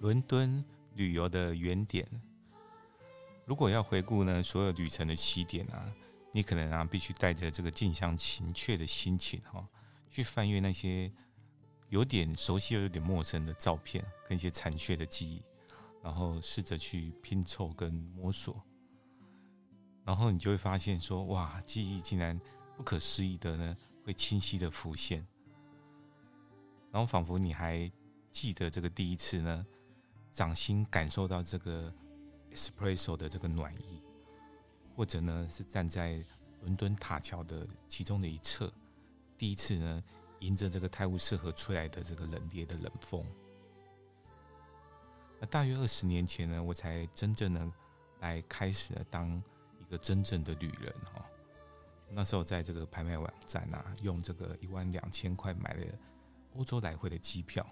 倫敦旅遊的原點，如果要回顧呢，所有旅程的起點啊，你可能啊必須帶着這個近鄉情怯的心情哈、哦，去翻閱那些有點熟悉又有點陌生的照片跟一些殘缺的記憶，然後試着去拼湊跟摸索，然後你就會發現說哇，記憶竟然不可思議的呢會清晰的浮現，然後仿佛你還記得這個第一次呢。掌心感受到這個 espresso 的這個暖意，或者呢，是站在倫敦塔橋的其中的一側，第一次呢迎着這個泰晤士河吹來的這個冷冽的冷風。那大約二十年前呢，我才真正的來開始呢當一個真正的旅人。那時候在這個拍賣網站啊，用這個一萬兩千塊買了歐洲來回的機票。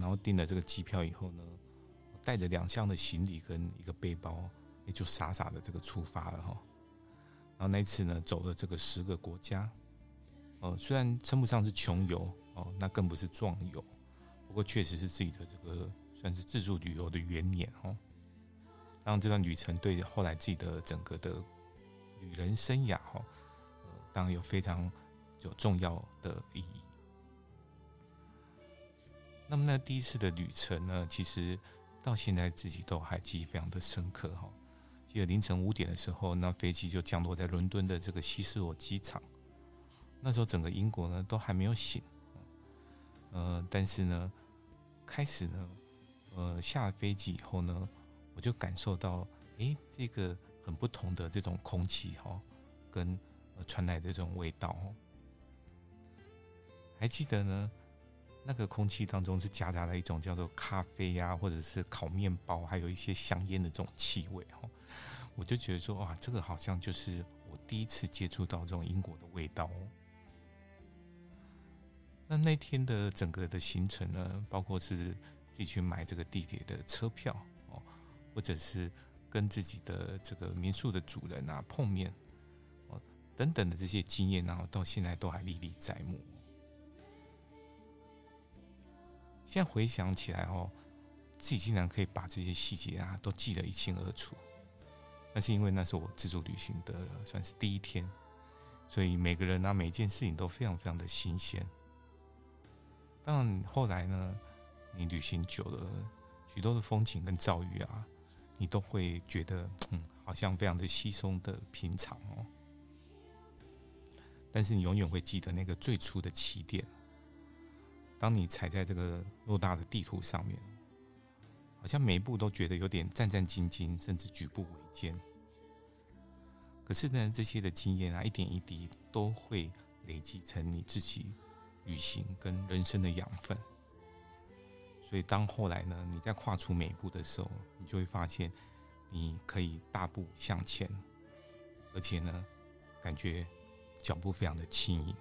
然後訂了這個機票以後呢，我帶着兩箱的行李跟一個背包，也就傻傻的這個出發了哈。然後那一次呢，走了這個十個國家，哦，雖然稱不上是窮遊哦，那更不是壯遊，不過確實是自己的這個算是自助旅遊的元年哦。讓這段旅程對後來自己的整個的旅人生涯哈，哦，當然有非常有重要的意義。那麼那第一次的旅程呢，其實到現在自己都還記憶非常的深刻哈、哦。記得凌晨五點的時候，那飛機就降落在倫敦的這個希斯羅機場。那時候整個英國呢都還沒有醒，呃，但是呢，開始呢，呃，下了飛機以後呢，我就感受到，誒，這個很不同的這種空氣哈、哦，跟呃傳來的這種味道哦，還記得呢。那個空氣當中是夾雜了一種叫做咖啡呀啊，或者是烤麵包，還有一些香菸的這種氣味哦，我就覺得說哇，這個好像就是我第一次接觸到這種英國的味道哦。那那天的整個的行程呢，包括是自己去買這個地鐵的車票哦，或者是跟自己的這個民宿的主人啊碰面哦等等的這些經驗啊，然後到現在都還歷歷在目。現在回想起來哦，自己竟然可以把這些細節啊都記得一清二楚，那是因為那是我自助旅行的算是第一天，所以每個人啊，每件事情都非常非常的新鮮。當然後來呢，你旅行久了，許多的風景跟遭遇啊，你都會覺得嗯，好像非常的稀鬆的平常哦。但是你永遠會記得那個最初的起點。當你踩在這個偌大的地圖上面，好像每一步都覺得有點戰戰兢兢，甚至舉步維艱。可是呢，這些的經驗啊，一點一滴都會累積成你自己旅行跟人生的養分。所以當後來呢，你在跨出每一步的時候，你就會發現，你可以大步向前，而且呢，感覺腳步非常的輕盈。